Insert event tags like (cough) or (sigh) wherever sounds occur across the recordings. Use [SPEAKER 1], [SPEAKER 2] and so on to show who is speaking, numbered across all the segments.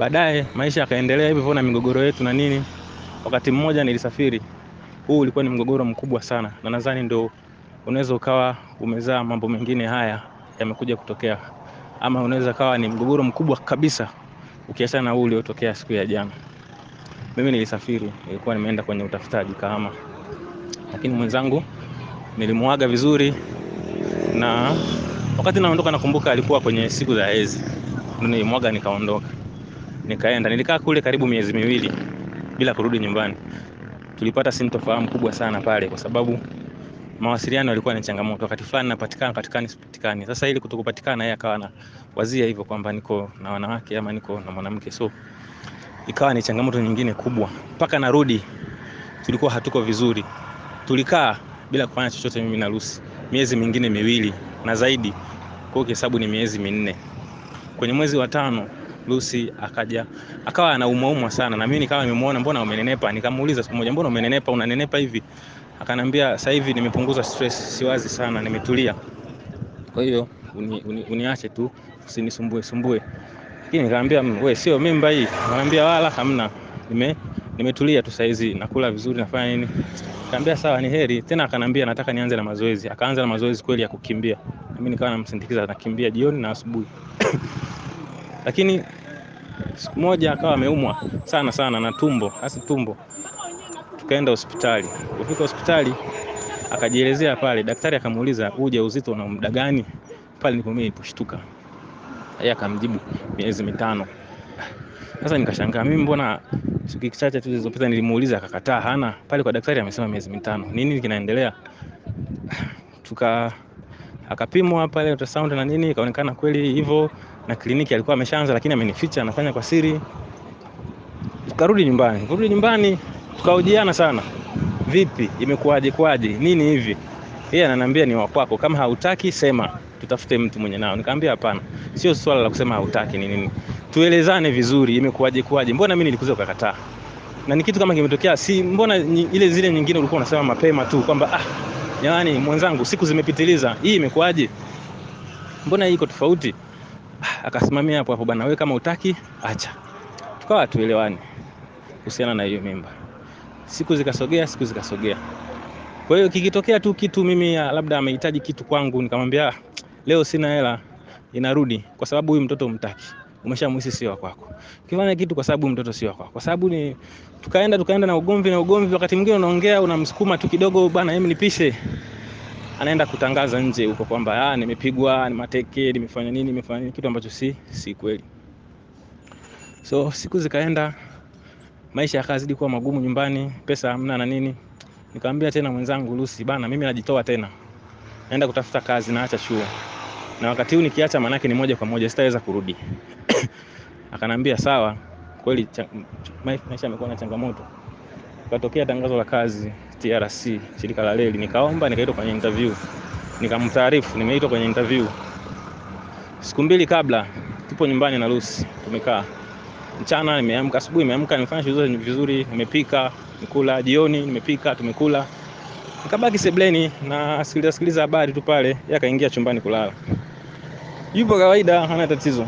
[SPEAKER 1] baadaye maisha yakaendelea hivyo na migogoro yetu na nini. Wakati mmoja nilisafiri, huu ulikuwa ni mgogoro mkubwa sana, na nadhani ndio unaweza ukawa umezaa mambo mengine haya yamekuja kutokea, ama unaweza kawa ni mgogoro mkubwa kabisa ukiachana na huu uliotokea siku ya jana. Mimi nilisafiri, nilikuwa nimeenda kwenye utafutaji Kahama, lakini mwenzangu nilimwaga vizuri, na wakati naondoka, nakumbuka alikuwa kwenye siku za hezi ndio nilimwaga nikaondoka nikaenda. Nilikaa kule karibu miezi miwili bila kurudi nyumbani. Tulipata sintofahamu kubwa sana pale, kwa sababu mawasiliano yalikuwa ni changamoto. Wakati fulani napatikana, katikani sipatikani. Sasa ili kutokupatikana, yeye akawa na wazia hivyo kwamba niko na wanawake ama niko na mwanamke, so ikawa ni changamoto nyingine kubwa. Mpaka narudi tulikuwa hatuko vizuri, tulikaa bila kufanya chochote, mimi na Lucy miezi mingine miwili na zaidi, kwa hiyo hesabu ni miezi minne. Kwenye mwezi wa tano Lucy akaja akawa anaumwaumwa sana, na mimi nikawa nimemuona, mbona umenenepa? Nikamuuliza siku moja, mbona umenenepa, unanenepa hivi? Akanambia sasa hivi nimepunguza stress, siwazi sana, nimetulia. Kwa hiyo uni, uni, uniache tu, usinisumbue sumbue. Lakini nikamwambia wewe, mm, sio mimba hii. Anambia wala hamna, nime nimetulia tu saizi, nakula vizuri, nafanya nini. Kaambia sawa, ni heri tena. Akanambia nataka nianze na mazoezi. Akaanza na mazoezi kweli ya kukimbia, mimi nikawa namsindikiza, nakimbia jioni na asubuhi (coughs) lakini siku moja akawa ameumwa sana sana na tumbo, hasa tumbo. Tukaenda hospitali. Kufika hospitali akajielezea pale, daktari akamuuliza uje uzito na muda gani? Pale ndipo mimi niliposhtuka. Yeye akamjibu miezi mitano. Sasa nikashangaa mimi, mbona siku chache tu zilizopita nilimuuliza akakataa hana. Pale kwa daktari amesema miezi mitano. Nini kinaendelea? Tuka akapimwa pale ultrasound na nini, ikaonekana kweli hivyo na kliniki alikuwa ameshaanza, lakini amenificha, anafanya kwa siri. Tukarudi nyumbani, kurudi nyumbani tukaojiana sana, vipi, imekuaje kwaje, nini hivi. Yeye ananiambia ni wakwako, kama hautaki sema, tutafute mtu mwenye nao. Nikamwambia hapana, sio swala la kusema hautaki ni nini, tuelezane vizuri, imekuaje kwaje, mbona mimi nilikuza ukakataa na ni kitu kama kimetokea, si mbona ile zile nyingine ulikuwa unasema mapema tu kwamba ah, jamani mwenzangu, siku zimepitiliza, hii imekuaje Mbona hii iko tofauti? akasimamia hapo hapo bana, wewe kama utaki acha. Tukawa tuelewani kuhusiana na hiyo mimba. Siku zikasogea, siku zikasogea. Kwa hiyo kikitokea tu kitu mimi ah, labda amehitaji kitu kwangu, nikamwambia ah, leo sina hela, inarudi kwa sababu huyu mtoto umtaki, umeshamuhisi sio kwako. Kifanya kitu kwa sababu mtoto sio kwako, kwa sababu ni tukaenda tukaenda na ugomvi na ugomvi, wakati mwingine unaongea unamsukuma tu kidogo, bana, hebu nipishe anaenda kutangaza nje huko kwamba ah, nimepigwa ni mateke, nimefanya nini, nimefanya nini, kitu ambacho si si kweli. So siku zikaenda, maisha yakazidi kuwa magumu nyumbani, pesa hamna na nini. Nikamwambia tena mwenzangu Lucy, bana, mimi najitoa tena, naenda kutafuta kazi, naacha chuo, na wakati huu nikiacha, maanake ni moja kwa moja sitaweza kurudi. (coughs) Akanambia sawa. Kweli maisha yamekuwa na changamoto, katokea tangazo la kazi TRC shirika la reli, nikaomba nikaitwa kwenye interview, nikamtaarifu nimeitwa kwenye interview. Siku mbili kabla tupo nyumbani na Lucy tumekaa mchana, nimeamka asubuhi, nimeamka nimefanya shughuli vizuri, nimepika nikula, jioni nimepika tumekula, nikabaki sebleni na sikiliza sikiliza habari tu pale, Yeye akaingia chumbani kulala. Yupo kawaida, hana tatizo,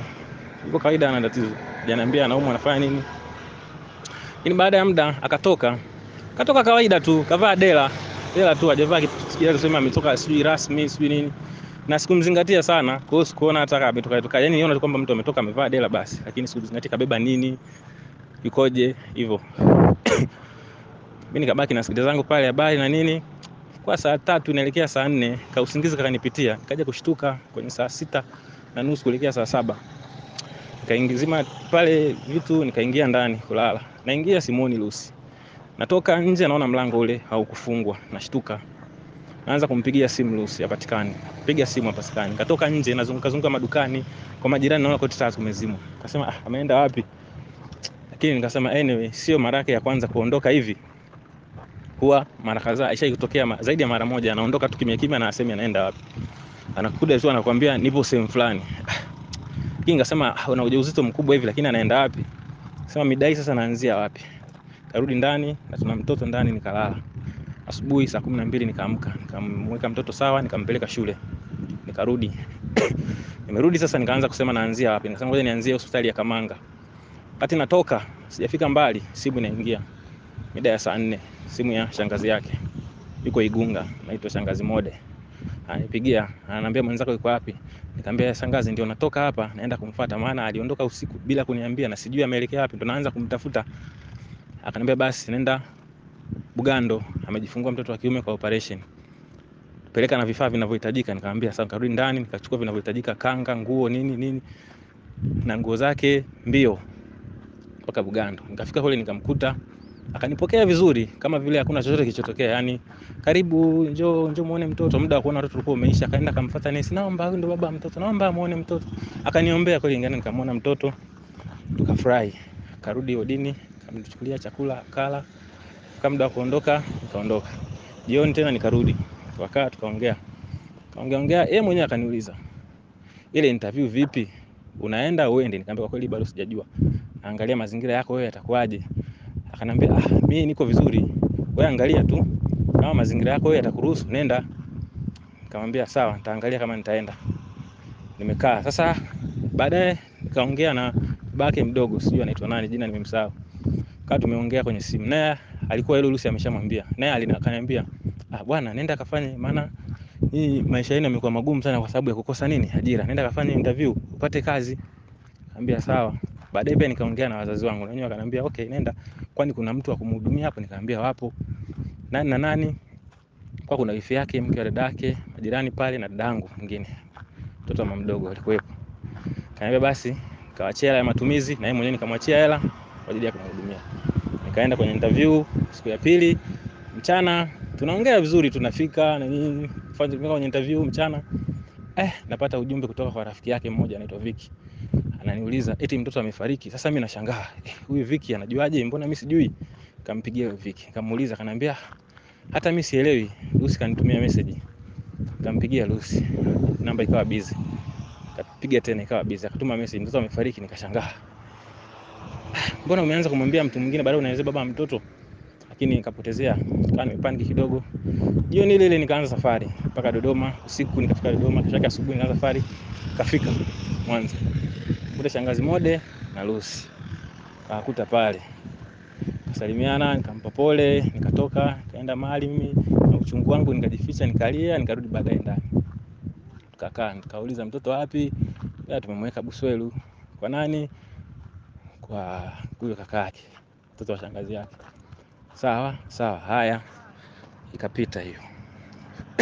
[SPEAKER 1] yupo kawaida, hana tatizo, janiambia anaumwa anafanya nini, lakini baada ya muda akatoka Katoka kawaida tu, kavaa dela. Dela tu hajavaa kitu kile kusema ametoka sijui rasmi, sijui nini. Na sikumzingatia sana, kwa hiyo sikuona hata kama ametoka toka. Yaani niona tu kwamba mtu ametoka amevaa dela basi, lakini sikumzingatia kabeba nini, yukoje hivyo. (coughs) Mimi nikabaki na sikiliza zangu pale habari na nini. Kwa saa tatu inaelekea saa nne kausingizi kakanipitia, nikaja kushtuka kwenye saa sita na nusu kuelekea saa saba nikaingizima pale vitu nikaingia ndani kulala, naingia simuoni Lucy. Natoka nje naona mlango ule haukufungwa, nashtuka. Naanza kumpigia simu Lucy, hapatikani. Piga simu hapatikani. Katoka nje nazunguka zunguka madukani kwa majirani, naona kote taa zimezimwa. Akasema ah, ameenda wapi? Lakini nikasema anyway, sio mara yake ya kwanza kuondoka hivi. Huwa mara kadhaa aishaikutokea zaidi ya mara moja, anaondoka tu kimya kimya na asemi anaenda wapi. Anakuja tu anakuambia nipo sehemu fulani. Kinga sema ah, una ujauzito mkubwa hivi, lakini anaenda wapi? Sema midai sasa naanzia wapi? karudi ndani na tuna mtoto ndani nikalala. Asubuhi saa kumi na mbili nikaamka, nikamweka mtoto sawa, nikampeleka shule. Nikarudi. (coughs) Nimerudi sasa nikaanza kusema naanzia wapi? Nikasema ngoja nianzie hospitali ya Kamanga. Wakati natoka, sijafika mbali, simu inaingia. Mida ya saa nne, simu ya shangazi yake. Yuko Igunga, naitwa shangazi Mode. Anipigia, ananiambia mwenzako yuko wapi? Nikamwambia shangazi, ndio natoka hapa, naenda kumfuata maana aliondoka usiku bila kuniambia na sijui ameelekea wapi. Ndo naanza kumtafuta akaniambia basi nenda Bugando, amejifungua mtoto wa kiume kwa operation, peleka na vifaa vinavyohitajika. Nikamwambia sasa. Nikarudi ndani nikachukua vinavyohitajika, kanga, nguo, nini nini, na nguo zake mbio mpaka Bugando. Nikafika kule nikamkuta, akanipokea vizuri kama vile hakuna chochote kilichotokea, yani karibu, njoo njoo muone mtoto. Muda wa kuona watoto ulikuwa umeisha. Akaenda akamfuata nesi, naomba huyu ndo baba mtoto, naomba muone mtoto. Akaniombea kweli, nikamwona mtoto tukafurahi. Karudi odini amenichukulia chakula kala, kamda wa kuondoka nikaondoka. Jioni tena nikarudi, tukakaa tukaongea, kaongea ongea, yeye mwenyewe akaniuliza ile interview vipi, unaenda uende? Nikamwambia kwa kweli bado sijajua, angalia mazingira yako wewe yatakuwaje. Akanambia ah, mimi niko vizuri, wewe angalia tu kama mazingira yako wewe yatakuruhusu nenda. Nikamwambia sawa, nitaangalia kama nitaenda. Nimekaa sasa, baadaye nikaongea na babake mdogo, sijui anaitwa nani, jina nimemsahau kama tumeongea kwenye simu. Naye alikuwa hilo Lucy ameshamwambia. Naye alinakaniambia, "Ah bwana, nenda kafanye maana hii maisha yenu yamekuwa magumu sana kwa sababu ya kukosa nini? Ajira. Nenda kafanye interview, upate kazi." Ambia sawa. Baadaye pia nikaongea na wazazi wangu. Na wenyewe wakaniambia, "Okay, nenda. Kwani kuna mtu wa kumhudumia hapo?" Nikaambia, "Wapo." Nani na nani? Kwa kuna wifi yake, mke wa dada yake, majirani pale na dadangu mwingine. Mtoto wa mama mdogo alikuwepo. Kaniambia basi, kawachia hela ya matumizi na yeye mwenyewe nikamwachia hela kwa ajili ya kumhudumia nikaenda kwenye interview siku ya pili mchana, tunaongea vizuri, tunafika na nini kufanya kwenye interview mchana. Eh, napata ujumbe kutoka kwa rafiki yake mmoja anaitwa Viki, ananiuliza eti mtoto amefariki. Sasa mimi nashangaa (laughs) eh, huyu eh, Viki anajuaje? Mbona mimi sijui? Kampigia huyu Viki, kamuuliza, kanaambia hata mimi sielewi. Lucy kanitumia message, kampigia Lucy, namba ikawa busy, kapiga tena ikawa busy, akatuma message, mtoto amefariki. Nikashangaa mbona umeanza kumwambia mtu mwingine, baadaye unaelezea baba mtoto. Lakini nikapotezea, kaa nimepangi kidogo. Jioni ile ile nikaanza safari mpaka Dodoma, usiku nikafika Dodoma, kesho yake asubuhi nikaanza safari, kafika Mwanza, kuta shangazi Mode na Lucy, kakuta pale salimiana nikampa pole, nikatoka nikaenda mahali mimi na uchungu wangu, nikajificha, nikalia, nikarudi baadaye ndani, tukakaa, nikauliza mtoto wapi? Ya tumemweka Buswelu. Kwa nani? kwa huyo kaka yake, mtoto wa shangazi yake. Sawa sawa, haya, ikapita hiyo.